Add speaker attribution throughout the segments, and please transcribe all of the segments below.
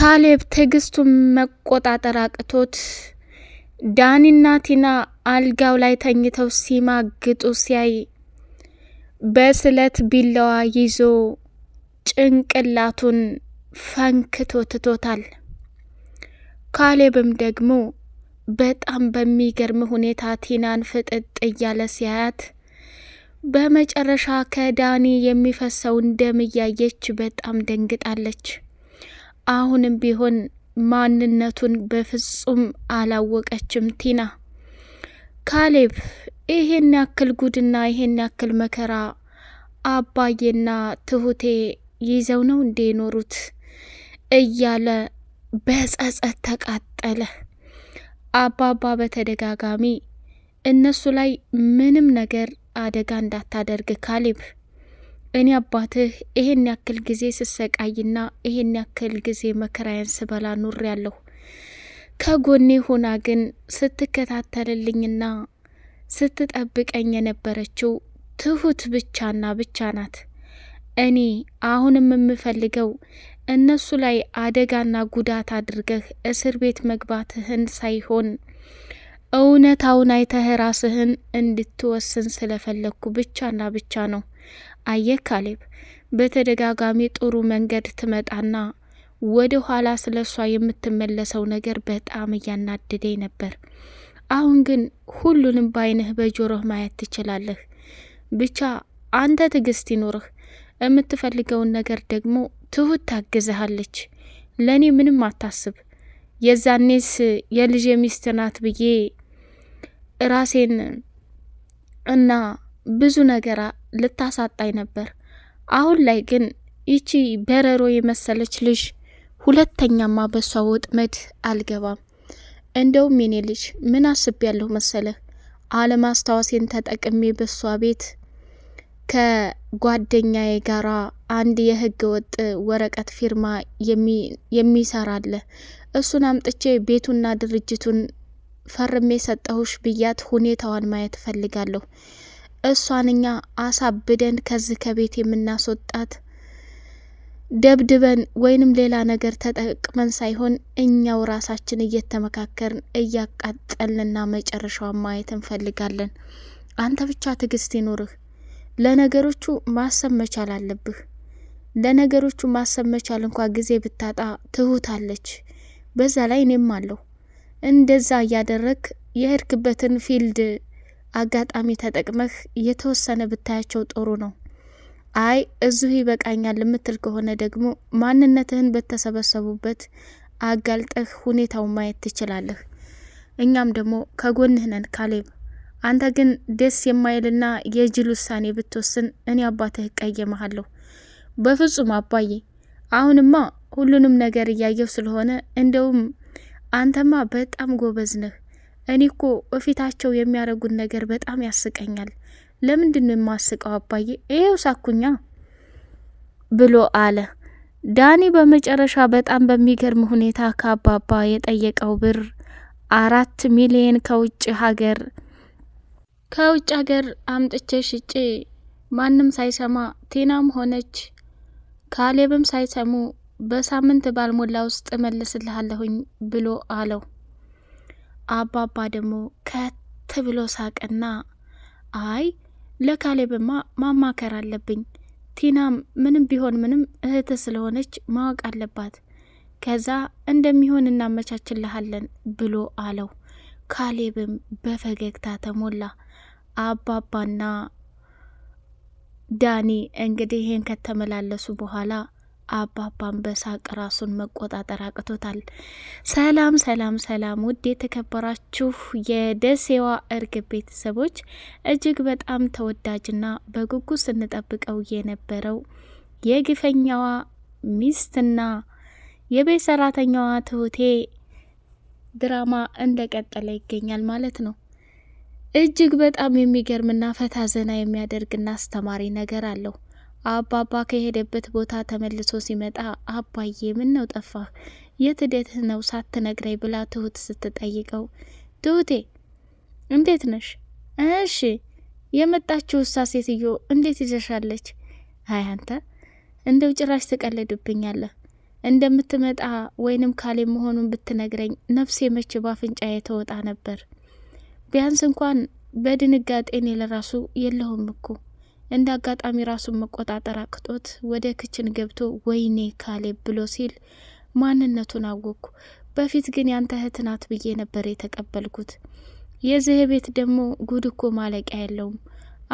Speaker 1: ካሌብ ትዕግስቱን መቆጣጠር አቅቶት ዳኒና ቲና አልጋው ላይ ተኝተው ሲማግጡ ሲያይ በስለት ቢላዋ ይዞ ጭንቅላቱን ፈንክቶ ትቶታል። ካሌብም ደግሞ በጣም በሚገርም ሁኔታ ቲናን ፍጥጥ እያለ ሲያያት በመጨረሻ ከዳኒ የሚፈሰውን ደም እያየች በጣም ደንግጣለች። አሁንም ቢሆን ማንነቱን በፍጹም አላወቀችም ቲና። ካሌብ ይሄን ያክል ጉድና ይሄን ያክል መከራ አባዬና ትሁቴ ይዘው ነው እንዴ ኖሩት? እያለ በጸጸት ተቃጠለ። አባባ በተደጋጋሚ እነሱ ላይ ምንም ነገር አደጋ እንዳታደርግ ካሌብ እኔ አባትህ ይሄን ያክል ጊዜ ስሰቃይና ይሄን ያክል ጊዜ መከራዬን ስበላ ኑር ያለሁ ከጎኔ ሆና ግን ስትከታተልልኝና ስትጠብቀኝ የነበረችው ትሁት ብቻና ብቻ ናት። እኔ አሁንም የምፈልገው እነሱ ላይ አደጋና ጉዳት አድርገህ እስር ቤት መግባትህን ሳይሆን እውነታውን አይተህ ራስህን እንድትወስን ስለፈለግኩ ብቻና ብቻ ነው። አየህ ካሌብ፣ በተደጋጋሚ ጥሩ መንገድ ትመጣና ወደ ኋላ ስለ እሷ የምትመለሰው ነገር በጣም እያናደደኝ ነበር። አሁን ግን ሁሉንም በአይንህ በጆሮህ ማየት ትችላለህ። ብቻ አንተ ትዕግስት ይኖርህ። የምትፈልገውን ነገር ደግሞ ትሁት ታግዝሃለች። ለእኔ ምንም አታስብ። የዛኔስ የልጅ ሚስት ናት ብዬ ራሴን እና ብዙ ነገር ልታሳጣኝ ነበር። አሁን ላይ ግን ይቺ በረሮ የመሰለች ልጅ ሁለተኛማ በሷ ወጥመድ አልገባም። እንደውም የኔ ልጅ ምን አስብ ያለሁ መሰለህ? አለማስታወሴን ተጠቅሜ በሷ ቤት ከጓደኛዬ ጋራ አንድ የህገ ወጥ ወረቀት ፊርማ የሚሰራለ እሱን አምጥቼ ቤቱና ድርጅቱን ፈርሜ ሰጠሁሽ ብያት ሁኔታዋን ማየት እፈልጋለሁ። እሷን እኛ አሳብደን ከዚህ ከቤት የምናስወጣት ደብድበን ወይንም ሌላ ነገር ተጠቅመን ሳይሆን እኛው ራሳችን እየተመካከርን እያቃጠልንና መጨረሻዋን ማየት እንፈልጋለን። አንተ ብቻ ትዕግስት ይኑርህ። ለነገሮቹ ማሰብ መቻል አለብህ። ለነገሮቹ ማሰብ መቻል እንኳ ጊዜ ብታጣ ትሁት አለች። በዛ ላይ እኔም አለሁ። እንደዛ እያደረግ የሄድክበትን ፊልድ አጋጣሚ ተጠቅመህ የተወሰነ ብታያቸው ጥሩ ነው። አይ እዚሁ ይበቃኛል የምትል ከሆነ ደግሞ ማንነትህን በተሰበሰቡበት አጋልጠህ ሁኔታውን ማየት ትችላለህ። እኛም ደግሞ ከጎንህ ነን ካሌብ። አንተ ግን ደስ የማይልና የጅል ውሳኔ ብትወስን እኔ አባትህ እቀየመሃለሁ። በፍጹም አባዬ፣ አሁንማ ሁሉንም ነገር እያየው ስለሆነ እንደውም አንተማ በጣም ጎበዝ ነህ እኔ እኮ እፊታቸው የሚያደርጉን ነገር በጣም ያስቀኛል። ለምንድን ነው የማስቀው አባዬ? ይሄው ሳኩኛ ብሎ አለ ዳኒ። በመጨረሻ በጣም በሚገርም ሁኔታ ከአባባ የጠየቀው ብር አራት ሚሊየን ከውጭ ሀገር
Speaker 2: ከውጭ ሀገር አምጥቼ ሽጬ ማንም ሳይሰማ ቴናም ሆነች ካሌብም ሳይሰሙ በሳምንት ባልሞላ ውስጥ እመልስልሃለሁኝ ብሎ አለው። አባባ ደግሞ ከት ብሎ ሳቅና አይ ለካሌብማ ማማከር አለብኝ። ቲናም ምንም ቢሆን ምንም እህት ስለሆነች ማወቅ አለባት። ከዛ እንደሚሆን እናመቻችልሃለን ብሎ አለው። ካሌብም በፈገግታ ተሞላ። አባባና ዳኒ እንግዲህ ይህን ከተመላለሱ በኋላ አባባን በሳቅ ራሱን መቆጣጠር አቅቶታል። ሰላም ሰላም ሰላም! ውድ የተከበራችሁ የደሴዋ እርግብ ቤተሰቦች እጅግ በጣም ተወዳጅና በጉጉ ስንጠብቀው የነበረው የግፈኛዋ ሚስትና የቤት ሰራተኛዋ ትሁቴ ድራማ እንደቀጠለ ይገኛል ማለት ነው። እጅግ በጣም የሚገርምና ፈታ ዘና የሚያደርግና አስተማሪ ነገር አለው። አባባ ከሄደበት ቦታ ተመልሶ ሲመጣ አባዬ ምን ነው ጠፋህ? የት ሄደህ ነው ሳትነግረኝ? ብላ ትሁት ስትጠይቀው ትሁቴ እንዴት ነሽ? እሺ የመጣችው እሳ ሴትዮ እንዴት ይዘሻለች? አይ አንተ እንደው ጭራሽ ትቀልድብኛለህ። እንደምትመጣ ወይንም ካሌ መሆኑን ብትነግረኝ ነፍሴ መቼ ባፍንጫ ተወጣ ነበር። ቢያንስ እንኳን በድንጋጤኔ ለራሱ የለሁም እኮ እንደ አጋጣሚ ራሱን መቆጣጠር አቅቶት ወደ ክችን ገብቶ ወይኔ ካሌብ ብሎ ሲል ማንነቱን አወቅኩ። በፊት ግን ያንተ እህት ናት ብዬ ነበር የተቀበልኩት። የዚህ ቤት ደግሞ ጉድ እኮ ማለቂያ የለውም።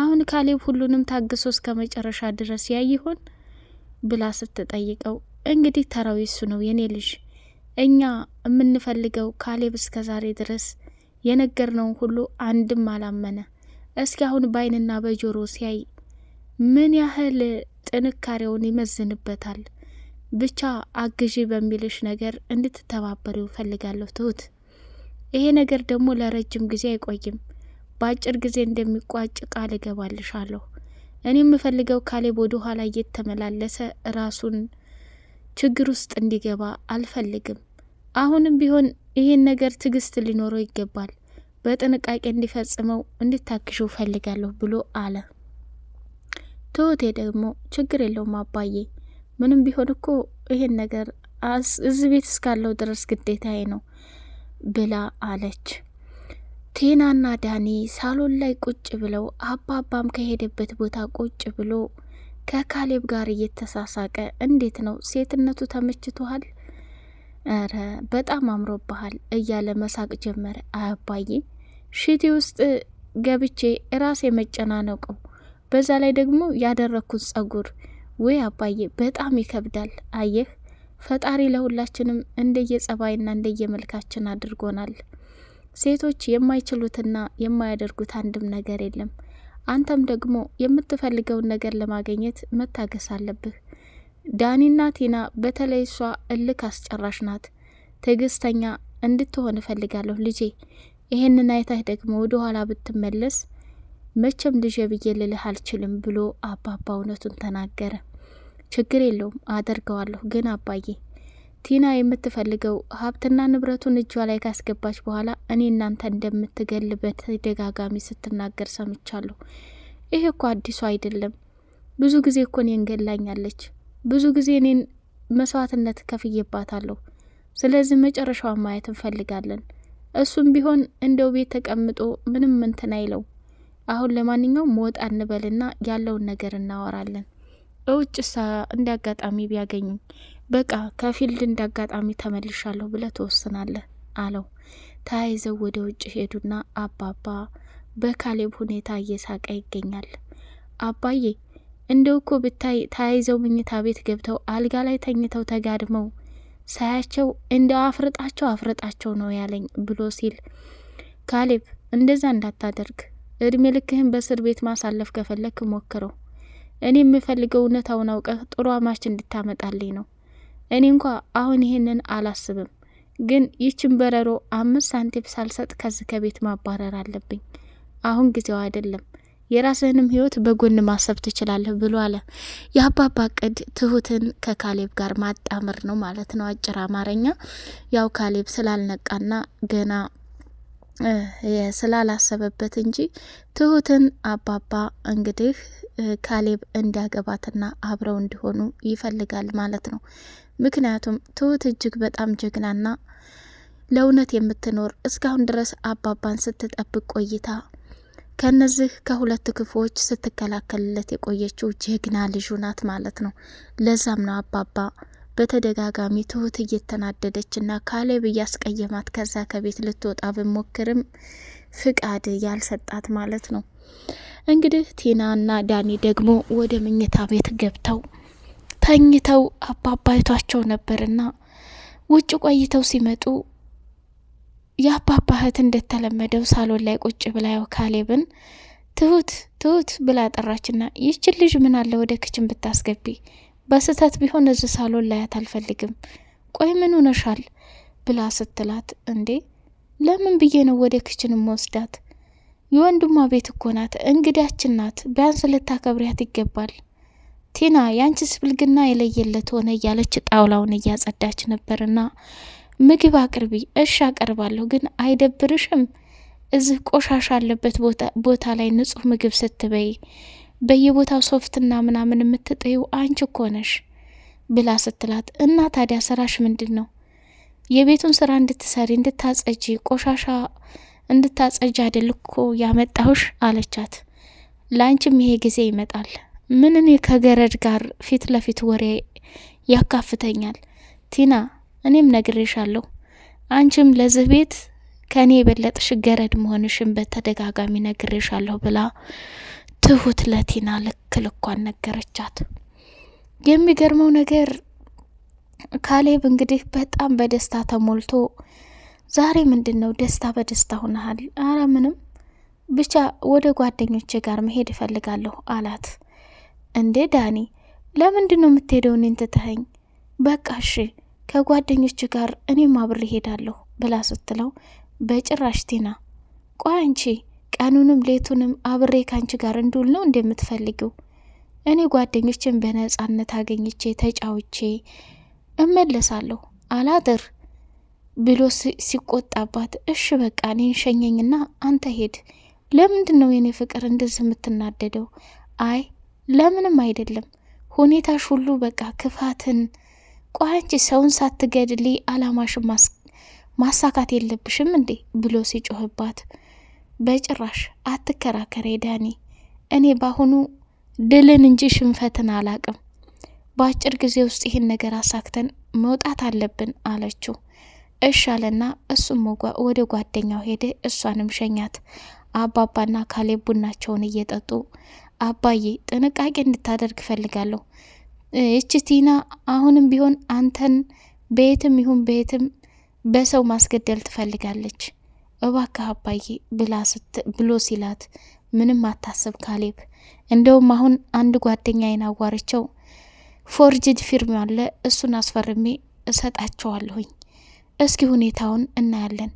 Speaker 2: አሁን ካሌብ ሁሉንም ታግሶ እስከ መጨረሻ ድረስ ያይ ይሆን ብላ ስትጠይቀው፣ እንግዲህ ተራዊ እሱ ነው የኔ ልጅ። እኛ የምንፈልገው ካሌብ እስከ ዛሬ ድረስ የነገርነውን ሁሉ አንድም አላመነ። እስኪ አሁን በአይንና በጆሮ ሲያይ ምን ያህል ጥንካሬውን ይመዝንበታል። ብቻ አግዢ በሚልሽ ነገር እንድትተባበሪው ፈልጋለሁ ትሁት። ይሄ ነገር ደግሞ ለረጅም ጊዜ አይቆይም፣ በአጭር ጊዜ እንደሚቋጭ ቃል እገባልሻለሁ። እኔ የምፈልገው ካሌብ ወደ ኋላ እየተመላለሰ ራሱን ችግር ውስጥ እንዲገባ አልፈልግም። አሁንም ቢሆን ይህን ነገር ትዕግስት ሊኖረው ይገባል፣ በጥንቃቄ እንዲፈጽመው እንድታግሹ ፈልጋለሁ ብሎ አለ። ትሁቴ ደግሞ ችግር የለውም አባዬ፣ ምንም ቢሆን እኮ ይሄን ነገር እዚህ ቤት እስካለው ድረስ ግዴታዬ ነው ብላ አለች። ቴናና ዳኒ ሳሎን ላይ ቁጭ ብለው አባባም ከሄደበት ቦታ ቁጭ ብሎ ከካሌብ ጋር እየተሳሳቀ እንዴት ነው ሴትነቱ ተመችቶሃል? ኧረ በጣም አምሮብሃል እያለ መሳቅ ጀመረ። አባዬ ሽቲ ውስጥ ገብቼ ራሴ መጨናነቁ በዛ ላይ ደግሞ ያደረግኩት ጸጉር ወይ አባዬ በጣም ይከብዳል። አየህ ፈጣሪ ለሁላችንም እንደየጸባይና እንደየመልካችን አድርጎናል። ሴቶች የማይችሉትና የማያደርጉት አንድም ነገር የለም። አንተም ደግሞ የምትፈልገውን ነገር ለማግኘት መታገስ አለብህ። ዳኒና ቲና በተለይ እሷ እልክ አስጨራሽ ናት። ትዕግስተኛ እንድትሆን እፈልጋለሁ ልጄ። ይሄንን አይታህ ደግሞ ወደ ኋላ ብትመለስ መቼም ልጄ ብዬ ልልህ አልችልም ብሎ አባባ እውነቱን ተናገረ። ችግር የለውም አደርገዋለሁ። ግን አባዬ ቲና የምትፈልገው ሀብትና ንብረቱን እጇ ላይ ካስገባች በኋላ እኔ እናንተ እንደምትገል በተደጋጋሚ ስትናገር ሰምቻለሁ። ይሄ እኮ አዲሱ አይደለም። ብዙ ጊዜ እኮ እኔን ገላኛለች። ብዙ ጊዜ እኔን መስዋዕትነት ከፍዬባታለሁ። ስለዚህ መጨረሻዋን ማየት እንፈልጋለን። እሱም ቢሆን እንደው ቤት ተቀምጦ ምንም እንትን አይለው። አሁን ለማንኛውም ወጣ እንበልና ያለውን ነገር እናወራለን። እውጭ ሳ አጋጣሚ ቢያገኙ በቃ ከፊልድ አጋጣሚ ተመልሻለሁ ብለ ትወስናለህ አለው። ተያይዘው ወደ ውጭ ሄዱና አባባ በካሌብ ሁኔታ እየሳቀ ይገኛል። አባዬ እንደው እኮ ብታይ ተያይዘው ምኝታ ቤት ገብተው አልጋ ላይ ተኝተው ተጋድመው ሳያቸው እንደው አፍርጣቸው አፍርጣቸው ነው ያለኝ ብሎ ሲል ካሌብ እንደዛ እንዳታደርግ እድሜ ልክህን በእስር ቤት ማሳለፍ ከፈለክ ሞክረው። እኔ የምፈልገው እውነታውን አውቀህ ጥሩ አማች እንድታመጣልኝ ነው። እኔ እንኳ አሁን ይህንን አላስብም፣ ግን ይችን በረሮ አምስት ሳንቲም ሳልሰጥ ከዚህ ከቤት ማባረር አለብኝ። አሁን ጊዜው አይደለም። የራስህንም ህይወት በጎን ማሰብ ትችላለህ ብሎ አለ። የአባባ እቅድ ትሁትን ከካሌብ ጋር ማጣመር ነው ማለት ነው። አጭር አማርኛ ያው ካሌብ ስላልነቃና ገና ስላላሰበበት እንጂ ትሁትን አባባ እንግዲህ ካሌብ እንዲያገባትና አብረው እንዲሆኑ ይፈልጋል ማለት ነው። ምክንያቱም ትሁት እጅግ በጣም ጀግናና ለእውነት የምትኖር እስካሁን ድረስ አባባን ስትጠብቅ ቆይታ ከነዚህ ከሁለት ክፉዎች ስትከላከልለት የቆየችው ጀግና ልጁ ናት ማለት ነው። ለዛም ነው አባባ በተደጋጋሚ ትሁት እየተናደደች ና ካሌብ እያስቀየማት ከዛ ከቤት ልትወጣ ብሞክርም ፍቃድ ያልሰጣት ማለት ነው። እንግዲህ ቲናና ዳኒ ደግሞ ወደ መኝታ ቤት ገብተው ተኝተው አባባይቷቸው ነበርና ውጭ ቆይተው ሲመጡ የአባባ እህት እንደተለመደው ሳሎን ላይ ቁጭ ብላየው ካሌብን ትሁት ትሁት ብላ ጠራችና ይችን ልጅ ምን አለ ወደ ክችን ብታስገቢ በስህተት ቢሆን እዚህ ሳሎን ላያት አልፈልግም። ቆይ ምን ሆነሻል ብላ ስትላት፣ እንዴ ለምን ብዬ ነው ወደ ክችን ወስዳት የወንድሟ ቤት እኮ ናት፣ እንግዳችን ናት፣ ቢያንስ ልታከብሪያት ይገባል። ቲና የአንቺ ስብልግና የለየለት ሆነ እያለች ጣውላውን እያጸዳች ነበርና ምግብ አቅርቢ። እሺ አቀርባለሁ፣ ግን አይደብርሽም? እዚህ ቆሻሻ አለበት ቦታ ላይ ንጹህ ምግብ ስትበይ በየቦታው ሶፍትና ምናምን የምትጠዩ አንቺ እኮ ነሽ ብላ ስትላት፣ እና ታዲያ ስራሽ ምንድን ነው? የቤቱን ስራ እንድትሰሪ እንድታጸጂ፣ ቆሻሻ እንድታጸጂ አይደል እኮ ያመጣሁሽ አለቻት። ለአንቺም ይሄ ጊዜ ይመጣል። ምን እኔ ከገረድ ጋር ፊት ለፊት ወሬ ያካፍተኛል? ቲና እኔም ነግሬሻለሁ። አንቺም ለዚህ ቤት ከእኔ የበለጥሽ ገረድ መሆንሽን በተደጋጋሚ ነግሬሻለሁ ብላ ትሁት ለቲና ልክ ልኳን ነገረቻት። የሚገርመው ነገር ካሌብ እንግዲህ በጣም በደስታ ተሞልቶ ዛሬ ምንድን ነው ደስታ በደስታ ሆነሃል? አረ ምንም ብቻ ወደ ጓደኞቼ ጋር መሄድ እፈልጋለሁ አላት። እንዴ ዳኒ ለምንድን ነው የምትሄደው? እኔን ትተኸኝ? በቃ እሺ ከጓደኞች ጋር እኔም አብሬ እሄዳለሁ ብላ ስትለው፣ በጭራሽ ቲና ቆይ አንቺ ቀኑንም ሌቱንም አብሬ ካንቺ ጋር እንድውል ነው እንደምትፈልጊው? እኔ ጓደኞችን በነጻነት አገኝቼ ተጫውቼ እመለሳለሁ አላድር ብሎ ሲቆጣባት፣ እሽ በቃ እኔን ሸኘኝና አንተ ሄድ። ለምንድን ነው የኔ ፍቅር እንደዚህ የምትናደደው? አይ ለምንም አይደለም ሁኔታሽ ሁሉ በቃ ክፋትን ቋንጭ ሰውን ሳትገድሊ አላማሽን ማሳካት የለብሽም እንዴ ብሎ ሲጮህባት በጭራሽ አትከራከሬ ዳኒ። እኔ በአሁኑ ድልን እንጂ ሽንፈትን አላቅም። በአጭር ጊዜ ውስጥ ይህን ነገር አሳክተን መውጣት አለብን አለችው። አለና እሱም ወደ ጓደኛው ሄደ። እሷንም ሸኛት። አባባና ካሌብ ቡናቸውን እየጠጡ አባዬ ጥንቃቄ እንድታደርግ እፈልጋለሁ። እች ቲና አሁንም ቢሆን አንተን በየትም ይሁን በየትም በሰው ማስገደል ትፈልጋለች። እባክህ አባዬ ብሎ ሲላት ምንም አታስብ ካሌብ፣ እንደውም አሁን አንድ ጓደኛዬን አዋርቸው ፎርጅድ ፊርም አለ እሱን አስፈርሜ እሰጣቸዋለሁኝ እስኪ ሁኔታውን እናያለን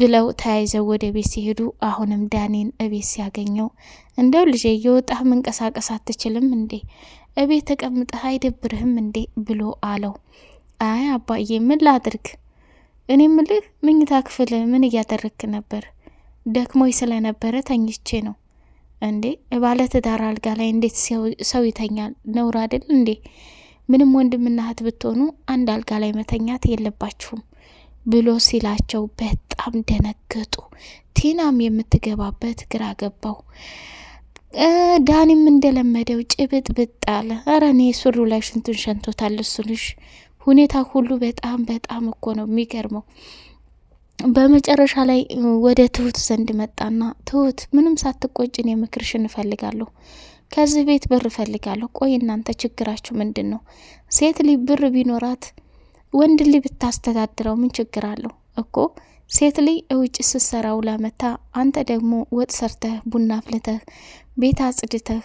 Speaker 2: ብለው ተያይዘው ወደ ቤት ሲሄዱ አሁንም ዳኔን እቤት ሲያገኘው እንደው ልጄ የወጣህ መንቀሳቀስ አትችልም እንዴ? እቤት ተቀምጠህ አይደብርህም እንዴ? ብሎ አለው። አይ አባዬ ምን ላድርግ እኔ ምልህ ምኝታ ክፍል ምን እያደረግክ ነበር? ደክሞኝ ስለነበረ ተኝቼ ነው። እንዴ ባለ አልጋ ላይ እንዴት ሰው ይተኛል? ነውር አይደል እንዴ? ምንም ወንድምና እህት ብትሆኑ አንድ አልጋ ላይ መተኛት የለባችሁም ብሎ ሲላቸው በጣም ደነገጡ። ቲናም የምትገባበት ግራ ገባው። ዳኒም እንደለመደው ጭብጥ ብጥ አለ። ኧረ እኔ ሱሪው ላይ ሽንቱን ሸንቶታል እሱ ልሽ ሁኔታ ሁሉ በጣም በጣም እኮ ነው የሚገርመው። በመጨረሻ ላይ ወደ ትሁት ዘንድ መጣና ትሁት ምንም ሳትቆጭን ምክርሽ እፈልጋለሁ ከዚህ ቤት ብር እፈልጋለሁ። ቆይ እናንተ ችግራችሁ ምንድን ነው? ሴት ልጅ ብር ቢኖራት ወንድ ልጅ ብታስተዳድረው ምን ችግር አለው እኮ ሴት ልጅ እውጭ ስትሰራ ውላ መታ፣ አንተ ደግሞ ወጥ ሰርተህ ቡና አፍልተህ ቤት አጽድተህ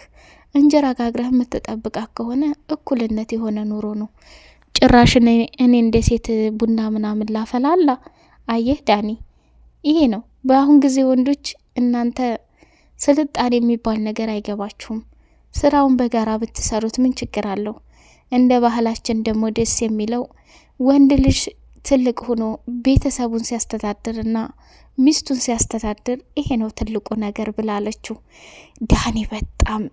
Speaker 2: እንጀራ ጋግረህ የምትጠብቃት ከሆነ እኩልነት የሆነ ኑሮ ነው። ጭራሽ እኔ እንደ ሴት ቡና ምናምን ላፈላላ። አየህ ዳኒ፣ ይሄ ነው በአሁን ጊዜ ወንዶች፣ እናንተ ስልጣን የሚባል ነገር አይገባችሁም። ስራውን በጋራ ብትሰሩት ምን ችግር አለው? እንደ ባህላችን ደግሞ ደስ የሚለው ወንድ ልጅ ትልቅ ሆኖ ቤተሰቡን ሲያስተዳድርና ሚስቱን ሲያስተዳድር ይሄ ነው ትልቁ ነገር ብላለችው። ዳኒ በጣም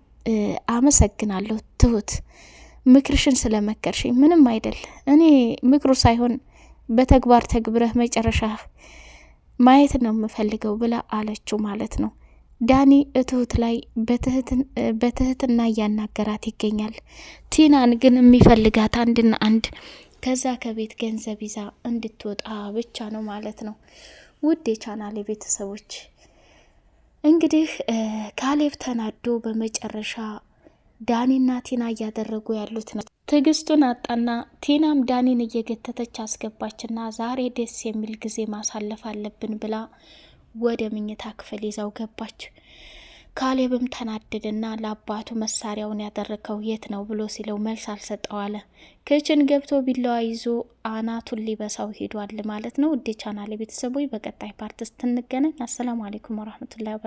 Speaker 2: አመሰግናለሁ ትሁት ምክርሽን ስለመከርሽኝ ምንም አይደል። እኔ ምክሩ ሳይሆን በተግባር ተግብረህ መጨረሻ ማየት ነው የምፈልገው ብላ አለችው ማለት ነው። ዳኒ እትሁት ላይ በትህትና እያናገራት ይገኛል። ቲናን ግን የሚፈልጋት አንድና አንድ ከዛ ከቤት ገንዘብ ይዛ እንድትወጣ ብቻ ነው ማለት ነው። ውድ የቻናሌ ቤተሰቦች እንግዲህ ካሌብ ተናዶ በመጨረሻ ዳኒና ቲና እያደረጉ ያሉት ነው። ትዕግስቱን አጣና ቲናም ዳኒን እየገተተች አስገባችና ዛሬ ደስ የሚል ጊዜ ማሳለፍ አለብን ብላ ወደ ምኝታ ክፍል ይዛው ገባች። ካሌብም ተናደደና ለአባቱ መሳሪያውን ያደረከው የት ነው ብሎ ሲለው መልስ አልሰጠው አለ። ክችን ገብቶ ቢላዋ ይዞ አናቱን ሊበሳው ሂዷል ማለት ነው። ውዴ ቻናሌ ቤተሰቦች በቀጣይ ፓርት ስትንገናኝ፣ አሰላሙ አሌይኩም ወረህመቱላሂ